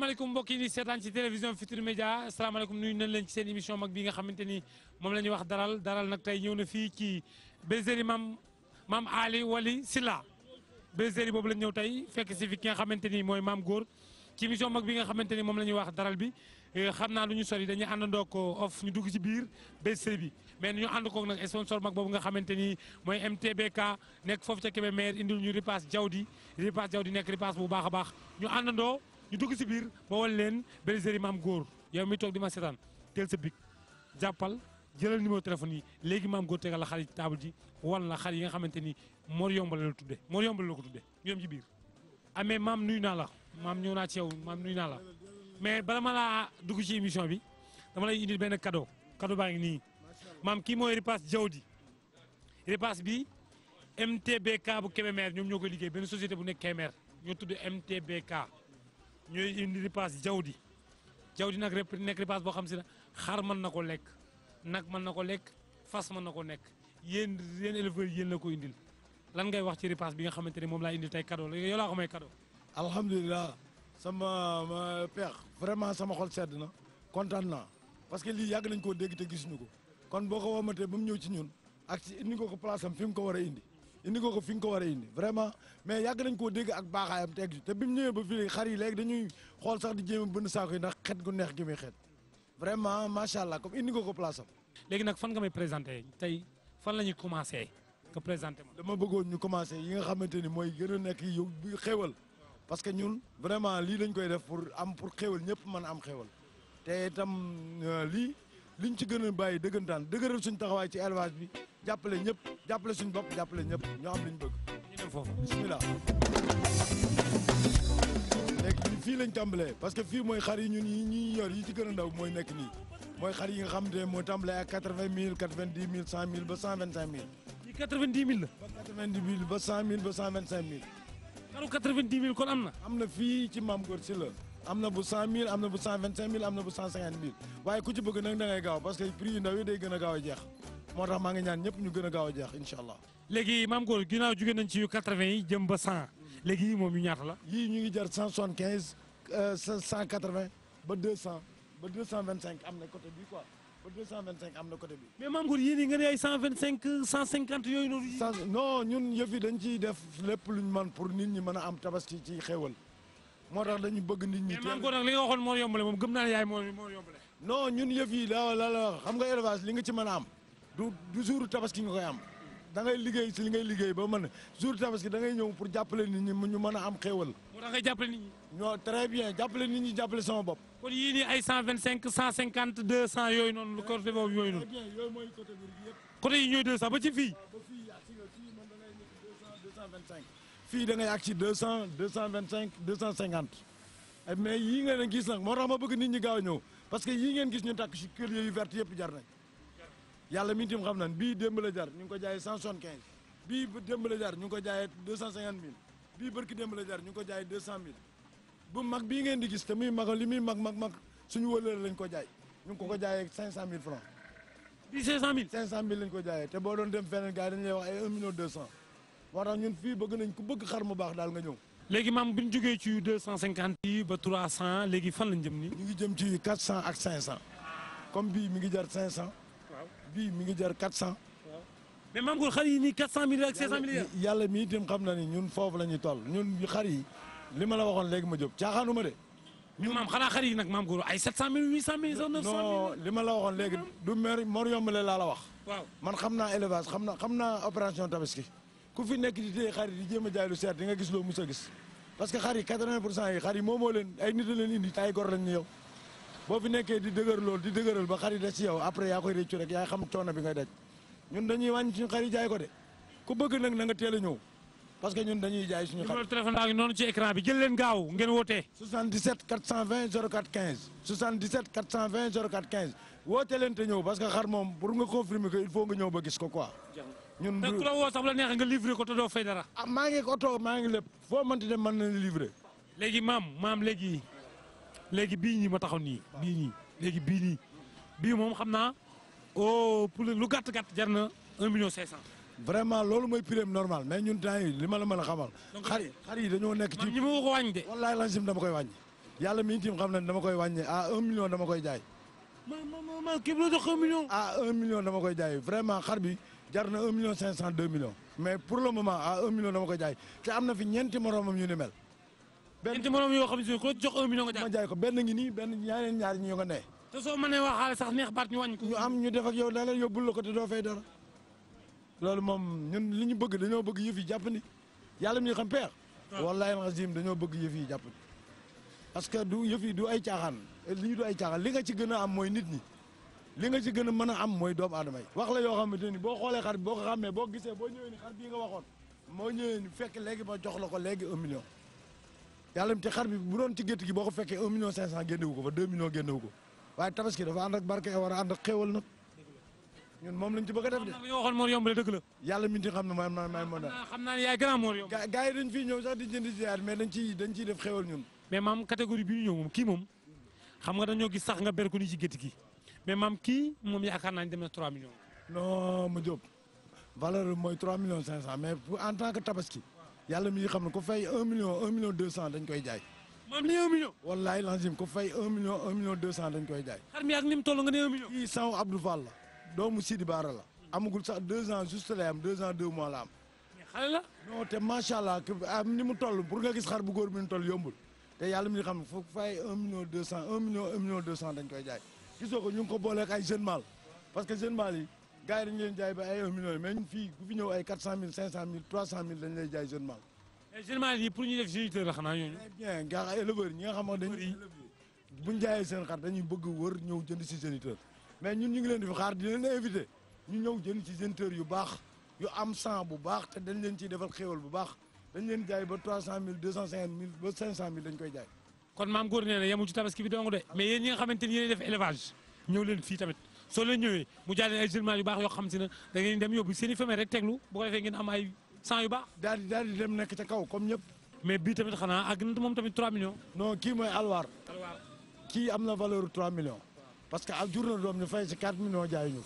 asalaamaaleykum mbokk yi ni seetaan ci télévision Futurs Médias asalaamaaleykum nuyu nañ leen ci seen émission mag bi nga xamante moom la ñuy wax daral daral nag tey ñëw na fii ci bergerie maam maam Ali Wali Silla bergerie boobu lañ ñëw tey fekk si fi ki nga xamante ni mooy maam góor ci émission mag bi nga xamante ni moom la ñuy wax daral bi eh, xam naa lu ñu sori dañuy àndandoo ko off ñu dugg ci biir bergerie bi mais ñu ànd koog nag sponsor mag boobu nga xamante ni mooy MTBK nekk foofu ca Kébémer indil ñu ripaas jawdi ripaas jawdi nekk ripaas bu baax a baax ñu àndandoo ñu dugg si biir ma wan leen bergerie maam góor yow mi toog di ma seetaan teel sa jàppal jëlal numéro téléphone yi léegi maam góor tegal la xar yi ci table ji wan la xar yi nga xamante ni Mor Yomb la la tudde Mor Yomb la ko tudde ñu dem ci biir ah, amee maam nuyu naa la maam ñëw naa ci yow maam nuyu naa la mais bala ma laa dugg ci émission bi dama lay benn cadeau cadeau baa ngi nii maam kii mooy repas jaww ji repas bi MTBK bu Kébémer ñoom ñoo koy liggéey benn société bu nekk Kébémer ñoo tudd MTBK ñooy indi ripaas jawdi jawdi nag rep nekk ripaas boo xam si na xar man na ko lekk nag mën na ko lekk fas mën na ko nekk yéen yéen éleveurs yéen la ko indil lan ngay wax ci ripaas bi nga xamante ne moom laa indi tey cadeau la yow laa xamay may cadeau. alhamdulilah sama ma peex vraiment sama xol sedd na kontaan naa parce lii yàgg nañ ko dégg te gisuñu ko kon boo ko womatee ba mu ñëw ci ñun ak ci indi ko ko place am mu ko war a indi. indi ko ko fi nga ko war a indi vraiment mais yàgg nañ koo dégg ak baaxaayam te te bi mu ñëwee ba fii xar yi léegi dañuy xool sax di jéem a bënn saako yi ndax xet gu neex gi muy xet vraiment macha allah comme indi ko ko place léegi nag fan may présenté tey fan la ñuy commencé nga ma. dama bëggoon ñu commencé yi nga xamante ni mooy gën a nekk yow xéwal parce que ñun vraiment lii lañ koy def pour am pour xéwal ñëpp mën am xéwal te itam euh, lii liñ ci gën a bàyyi dëggantaan dëgëral suñ taxawaay ci élevage bi. jàppale ñëpp jàppale suñu bopp jàppale ñëpp ñoo xam li ñu bëgg. ñu dem foofu bisimilah. parce que fii mooy xar yi ñun yor yi ci ndaw mooy nekk nii mooy xar yi nga xam ne moo tàmbalee ak quatre vingt mille quatre vingt dix mille cent mille ba cent vingt ba quatre ba cent ba cent kon am na. am na ci Maam Góor si la. bu cent mille bu cent waaye ku ci bëgg nag da ngay gaaw parce que prix yu ndaw yi day gën a gaaw a jeex moo tax maa ngi ñaan ñëpp ñu gën a gaaw a jeex incha allah. léegi maam Gor ginnaaw jugee nañ ci yu 80 yi jëm ba 100 léegi moom yu ñaata la. yii ñu ngi jar 175 180 euh, ba 200 ba 225 am na côté bi quoi ba 225 am na côté bi. mais maam Gor yéen yi nga ne ay 125 150 yooyu noonu. non ñun yëf yi dañ ciy def lépp ñu man pour nit ñi mën a am tabaski ci xéwal moo tax dañu bëgg nit ñi. mais maam Gor nag li nga waxoon moo moom gëm naa yaay moo moo yombale. non ñun yëf yi daaw la nga élevage li ci mën a am. du du jour tabaski nga koy am da ngay liggéey si li ngay liggéey ba mën jour tabaski da ngay ñëw pour jàppale nit ñi ñu mën am xéewal. moo tax jàppale nit ñi. non bien jàppale nit ñi jàppale sama bopp. kon yii nii ay 125 150 200 yooyu noonu lu côté boobu yooyu noonu. yooyu mooy côté bi yëpp. côté yi ñooy 200 ba ci fii. ba fii fii man da ngay nekk 200 225. fii da ngay àgg ci 200 225 250. mais yii ngeen gis nag moo tax ma bëgg nit ñi gaaw a ñëw parce que yii ngeen gis ñu takk si kër yooyu vert yëpp jar nañ. yàlla mi tim xam nan bii démb la jar ñu ngi ko jaayee cent soixante quinze bii démb la jar ñu ngi ko jaayee deux cent cinquante la jar ñu ngi ko jaayee deux cent mille bu mag bii ngeen di gis te muy mag li muy mag mag mag suñu wëlëre lañ ko jaay ñu ngi ko ko jaayee cinq mille francs bii cinq cent mille cinq lañ ko jaayee te boo doon dem feneen gars yi dañ lay wax ay un million deux cent moo bëgg nañ ku bëgg xar mu baax daal nga ñëw léegi maam bu ñu jógee ci deux cent cinquante yi ba trois cent léegi fan lañ jëm nii ñu ngi jëm ci quatre cent ak cinq cent comme bii mi ngi jar cinq cent bii mi ngi jar 400. mais maam Gour xar yi nii 400 milliards ak 500 milliards. yàlla mi itam xam na ni ñun foofu la ñuy toll ñun xar yi li ma la waxoon léegi ma jóg caaxaanuma de. ñun maam xanaa xar yi nag maam Gour ay 700000 800000. 900000 non li ma la waxoon léegi du mer mor yombale laa la wax. waaw man xam naa élevage xam naa xam naa opération tabaski ku fi nekk di téye xar yi di jéem a jaay lu seet di nga gis loo mus a gis parce que xar yi 80 pour cent yi xar yi moomoo leen ay nit a leen indi. ay gor lañ ñu yow. boo fi nekkee di dëgër lool di dëgëral ba xar yi des ci après yaa koy réccu rek yaay xam coono bi ngay daj ñun dañuy wàññi suñu xar yi jaay ko de ku bëgg nag na nga teel a ñëw parce que ñun dañuy jaay suñu xar numéro téléphone daa noonu ci écran bi jël leen gaaw ngeen wootee 77 420 04 15 77 420 04 15 woote leen te ñëw parce que xar moom pour nga confirmer que il faut nga ñëw ba gis ko quoi ñun ku la woo sax la neex nga livré ko te doo fay dara ah maa ngi oto foo mënti dem mën nañ livré maam maam léegi léegi bii ñi ma taxaw nii bii nii léegi bii nii bii moom xam naa oh pour lu gàtt gàtt jar na un million cinq cent. vraiment loolu mooy prix normal mais ñun temps yi li ma la mën a xamal. xar yi xar dañoo nekk ci. ñi ma ko wàññi de. wallaahi lansim dama koy wàññi. yàlla mi tim xam na dama koy wàññi à un million dama koy jaay. ma ma ma kii bi la jox un million. à un million dama koy jaay vraiment xar bi na un million cinq cent deux mais pour le moment à un million jaay te am na fi ñeenti moromam yu ni mel. benn ñeenti morom yoo xam ne ko jox un million jaay ma jaay ko benn ngi nii benn ñaar ñu ko nee. te soo mënee wax xaalis sax neex baat ñu wàññi ko. ñu am ñu def yo yow leneen yóbbul la ko te doo fay dara loolu moom ñun li ñu bëgg dañoo bëgg yëfi yi jàpp ni yàlla mi xam peex. waaw wallaahi azim dañoo bëgg yëf yi jàpp ni parce que du yëf yi du ay caaxaan li ñu du ay caaxaan li nga ci gën a am mooy nit ñi li nga ci gën a mën a am mooy doomu aadama yi. wax la yoo xamante ni boo xoolee xar boo ko xàmmee boo gisee boo ñëwee ni xar bii nga waxoon moo ñëwee ni fekk léegi ma jox la ko léegi million yàlla dem te xar bi bu doon ci gétt gi boo ko fekkee un million cinq cent génnewu ko fa deux millions génnewu ko waaye tabaski dafa ànd barke war a ànd ak xéewal nag ñun moom lañ ci bëgg de. ñu waxoon Mor Yomb la dëgg la. yàlla mi ngi xam ne maay maay moo daal. xam naa ne yaay grand Mor Yomb. gars dañ fiy ñëw sax di jënd ziar mais dañ ciy dañ ciy def xéewal ñun. mais maam catégorie bi ñu ñëw moom kii moom xam nga dañoo gis sax nga ber ko ci gétt gi mais maam kii moom yaakaar naa ne dem na 3 millions. non ma Diop valeur mooy 3 millions 500 mais en tant que tabaski yàlla mi ngi xam na ko fay un million un million deux cent dañ koy jaay. maam ni un fay un million un million deux koy jaay. xar mi ak ni mu toll nga ne un million. kii Sango Abdou Fall la doomu Sidi Baara la. amagul sax deux ans juste lay am deux ans deux mois la am. mais xale la. non te macha allah am ah, ni mu toll pour nga gis xar bu góor bi ni mu toll yombul te yàlla mi ngi xam ne fu fay un million deux cent un million un million deux cent dañ koy jaay. gisoo ko ñu ngi ko booleeg ay jeunes parce que jeunes gars yi dañu leen jaay ba ay 1 million mais ñun fii ku fi ñëw ay 400000 500000 300000 dañu lay jaay jeune mâle. mais jeune mâle yi pour ñu def géniteur la xanaa ñooñu. Eh bien gars ay éleveurs ñi nga xam ne dañuy bu ñu jaayee seen xar dañuy bëgg wër ñëw jënd si géniteur mais ñun ñu ngi leen di fi xaar di leen invité ñu ñëw jënd si géniteur yu baax yu am sang bu baax te dañ leen ciy defal xéewal bu baax dañ leen jaay ba 300000 250000 ba 500000 dañ koy jaay. kon maam góor nee na yemul ci tabaski bi dong de mais yéen ñi nga xamante ni yéen def élevage ñëw leen fii tamit soo leen ñëwee mu jaay leen ay jëlmaan yu baax yoo xam si ne da ngeen dem yóbbu seen i femelle rek teglu bu ko defee ngeen am ay sang yu baax. daal dem nekk ca kaw comme ñëpp. mais bii tamit xanaa àgg na moom tamit 3 millions. non kii mooy alwaar. kii am na valeur 3 millions. parce que ak jur na doom ñu fay si 4 millions jaay ñu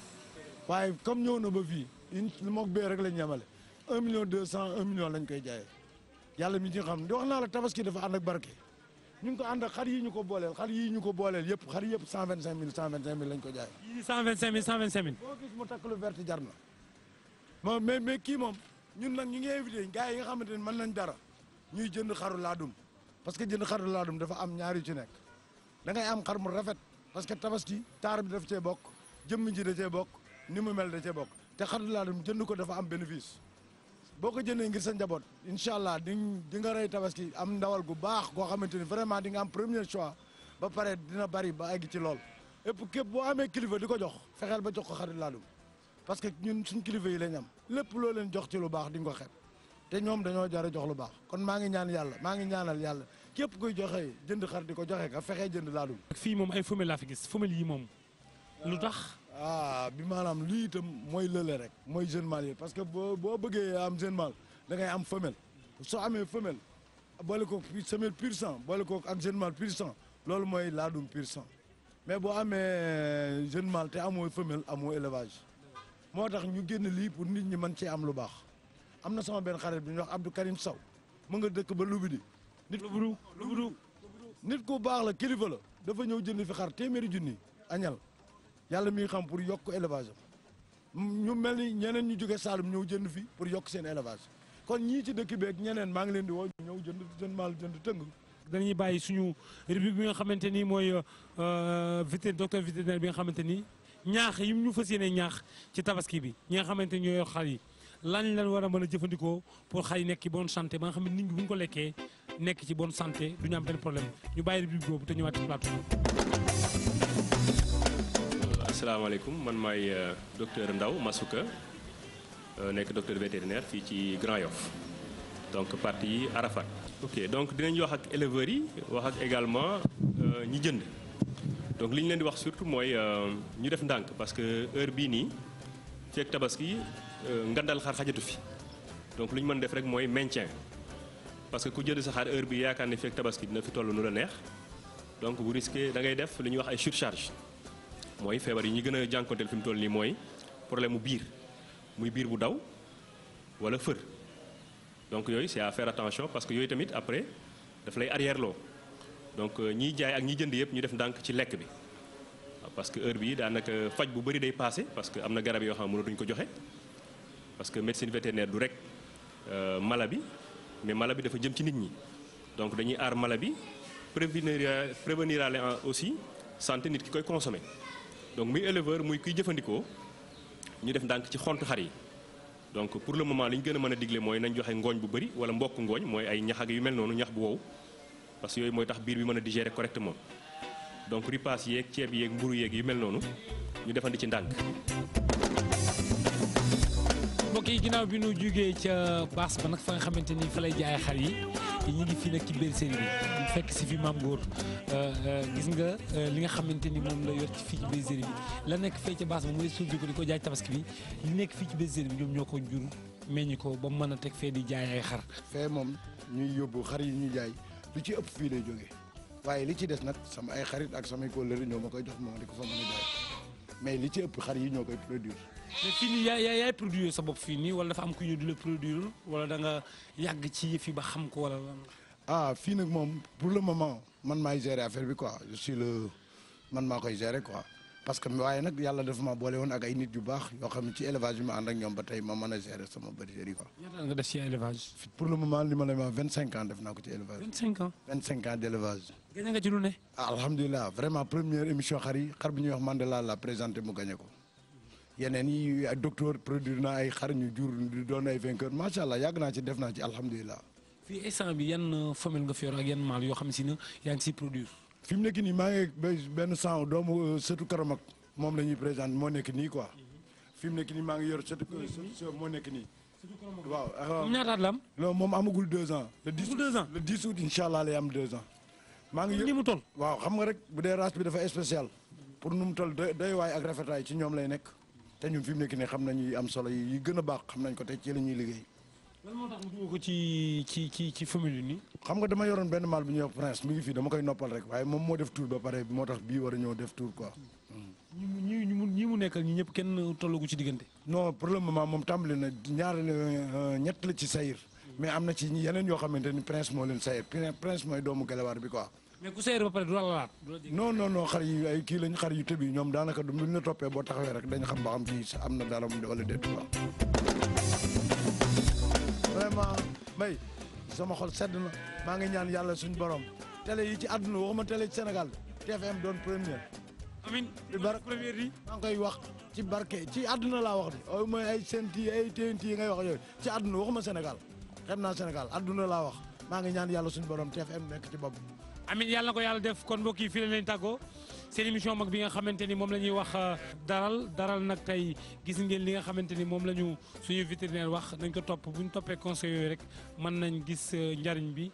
waaye comme ñëw na ba fii une moog bee rek lañ yemale 1 million 200 1 million lañ koy jaay yàlla mi ci xam di wax naa la tabaski dafa ànd ak barke. ñu ngi ko ànd ak xar ñu ko booleel xar yii ñu ko booleel yëpp xar yëpp cent vingt cinq mille cent vingt cinq mille lañ ko jaay. yii cent vingt cinq mille cent vingt cinq mille. boo gis mu takk lu vert jar na. moom mais mais kii moom ñun nag ñu ngi invité gars yi nga xamante ne mën nañ dara ñuy jënd xaru laadum parce que jënd xaru laadum dafa am ñaari yu ci nekk da ngay am xar mu rafet parce que tabaski taar bi daf cee bokk jëmm ji da cee bokk ni mu mel da cee bokk te xaru laadum jënd ko dafa am bénéfice. boo ko jëndee ngir sa njaboot incha allah di di nga rey tabaski am ndawal gu baax goo xamante ni vraiment di nga am premier choix ba pare dina bari ba egg ci lool épp képp boo amee kilifa di ko jox fexeel ba jox ko xarit laadum parce que ñun suñ kilifa yi lañ am lépp loo leen jox ci lu baax di ko xet te ñoom dañoo jar jox lu baax kon maa ngi ñaan yàlla maa ngi ñaanal yàlla képp koy joxe jënd xar di ko joxee nga fexe jënd laadum. fii moom ay femelles laa fi gis femelles yi moom ah bi maanaam lii itam mooy lële rek mooy jeune mâle yi parce que boo boo bëggee am jeune mâle da am femelle soo amee femelle boole ko semelle pur sang boole ko ak jeune mâle pur sang loolu mooy laadum pur sang mais boo amee euh, jeune mâle te amoo femelle amoo élevage moo tax ñu génn lii pour nit ñi mën cee am lu baax am na sama benn xarit bi ñuy wax Abdou Karim saw mu nga dëkk ba Lubidi nit Lubidi nit ku baax la kilifa la dafa ñëw jënd fi xar téeméeri junni añal yàlla mii xam pour yokk élevage ñu mel ni ñeneen ñu jóge Saalum ñëw jënd fii pour yokk seen élevage kon ñii ci dëkk bi ek ñeneen maa ngi leen di woo ñëw jënd jënd jënd tëng. dañuy bàyyi suñu rubrique bi nga xamante ni mooy euh, vétérinaire docteur vétérinaire bi nga xamante ni ñaax yi ñu fas yéene ñaax ci tabaski bi ñi nga xamante ni ñoo yor xar yi lan lañ war mën a jëfandikoo pour xar yi nekk ci bonne santé ba nga xam ne nit ñi bu ñu ko lekkee nekk ci bonne santé du ñu am benn problème ñu bàyyi rubrique boobu te ñëwaat ci plateau asalaamaaleykum man maay euh, docteur Ndaw Masuka euh, nekk docteur vétérinaire fii ci Grand Yoff donc parti yi Arafat. ok donc dinañ wax ak éleveurs yi wax ak également euh, ñi jënd donc li ñu leen di wax surtout mooy ñu def ndànk parce que heure bii nii fekk tabaski ngandal xar xajatu fi donc lu ñu mën def rek mooy maintien parce que ku jënd sa xar heure bi yaakaar ne fekk tabaski dina fi toll nu la neex donc bu risqué da ngay def lu ñuy wax ay surcharge. mooy feebar yi ñu gën a jànkonteel fi mu toll nii mooy problème mu biir muy biir bu daw wala fër donc yooyu c'est à faire attention parce que yooyu tamit après daf lay arrière loo donc euh, ñiy jaay ak ñiy jënd yëpp ñu def ndànk ci lekk bi ah, parce que heure bii daanaka faj bu bëri day passé parce que am na garab yoo xam ne mënatuñ ko joxe parce que médecine vétérinaire du rek euh, mala bi mais mala bi dafa jëm ci nit ñi donc dañuy aar mala bi prévenir euh, prévenir aussi santé nit ki koy consommer donc muy éleveur muy kuy jëfandikoo ñu def ndànk ci xont xar yi donc pour le moment li ñu gën a mën a digle mooy nañ joxe ngooñ bu bëri wala mbokk ngooñ mooy ay ñax ak yu mel noonu ñax bu wow parce que yooyu mooy tax biir bi mën a digérer correctement donc ripaas yeeg ceeb yeeg mburu yeeg yu mel noonu ñu defandi ci ndànk. mbokk yi ginnaaw bi ñu jugee ca baas ba nag fa nga xamante ni fa lay jaay xar yi. ñu ngi fii nag ci biir série bi ñu fekk si fi maam góor euh, euh, gis nga euh, li nga xamante ni moom la yor ci fii ci biir série bi la nekk fee ca baas ba mooy suuf ko di ko jaay tabaski bi li nekk fii ci biir série bi ñoom ñoo ko jur meññ ko ba mën a teg fee di jaay ay xar fee moom ñuy yóbbu xar yi ñuy jaay lu ci ëpp fii lay jóge waaye li ci des nag sama ay xarit ak samay kóllëri ñoo ma koy jox moom di ko fa mën a jaay mais li ci ëpp xar yi ñoo koy produire. mais fii nii yaa yaay produire sa bopp fii nii wala dafa am ku ñu di la produire wala danga nga ci yëf yi ba xam ko wala lan. ah fii nag moom pour le moment man maay gérer affaire bi quoi je suis le man maa koy gérer quoi. parce que waaye nag yàlla dafa ma boole woon ak ay nit yu baax yoo xam ne ci élevage bi ma ànd ak ñoom ba tey ma mën a gérer sama bergerie yi nga ci élevage. pour la ah, vraiment première émission xar yi xar bi ñuy wax Mandela la présenté mu gagné ko. yeneen yi docteur naa ay xar ñu jur doon ay vainqueur macha allah yàgg naa ci def naa ci alhamdulilah. fii instant bi yan euh, femelle nga fi ak yan mâle yoo xam si ne yaa ngi siy fi mu nekk nii maa ngi benn sang doomu euh, sëtu Karamak moom la ñuy présenté moo nekk nii quoi fi mu nekk nii maa ngi yor sëtu euh, moo nekk nii. waaw waaw am. non moom amagul deux ans. le dix août deux ans le dix août incha allah lay am deux ans. maa ngi mu toll. waaw xam nga rek bu dee race bi dafa spécial. pour nu mu toll day waay ak rafetaay ci ñoom lay nekk. te ñun fi mu nekk nii xam nañu am solo yi gën a baax xam nañ ko te ci la ñuy liggéey. lan moo tax mu dugg ko ci ci ci ci famille nii. xam nga dama yoroon benn maal bu ñu wax prince mi ngi fii dama koy noppal rek waaye moom moo def tour ba pare moo tax bii war a ñëw def tour quoi. ñi mu ñi mu nekkal ñëpp kenn tollagu ci diggante. non pour moment moom tàmbali na ñaar euh, ñett la ci sayir. mais am na ci yeneen yoo xamante ni prince moo leen sayir prince mooy doomu gelewaar bi quoi. mais ku sayir ba pare du la laat. yi kii lañ xar yu tëb yi ñoom daanaka du ñu la toppee boo taxawee rek dañ xam ba xam kii am na dara wala déet quoi. vraiment mbay sama xol sedd na maa ngi ñaan yàlla suñu borom télé yi ci àdduna waxuma télé ci Sénégal TFM doon première. amiin première di. maa ngi koy wax ci barke ci àdduna laa wax de oh, mooy ay senti ay TNT yi ngay wax yooyu ci àdduna waxuma Sénégal xam naa Sénégal àdduna laa wax. maa ngi ñaan yàlla suñu borom te nekk ci bopp amin yàlla na ko yàlla def kon mbokk yi fii la leen tàggoo émission mag bi nga xamante ni moom la ñuy wax euh, daral daral nag tey gis ngeen li nga xamante ni moom la ñu suñu vétérinaire wax nañ ko topp bu ñu toppee conseil yooyu rek mën nañ gis euh, njariñ bi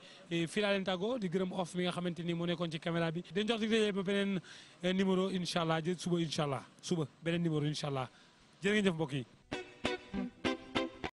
fii laa leen tàggoo di gërëm off mi nga xamante ni moo nekkoon ci caméra bi dañ jox dig dajee beneen euh, numéro incha allah jë suba incha allah suba beneen numéro incha allah jërë ngeen jëf mbokk yi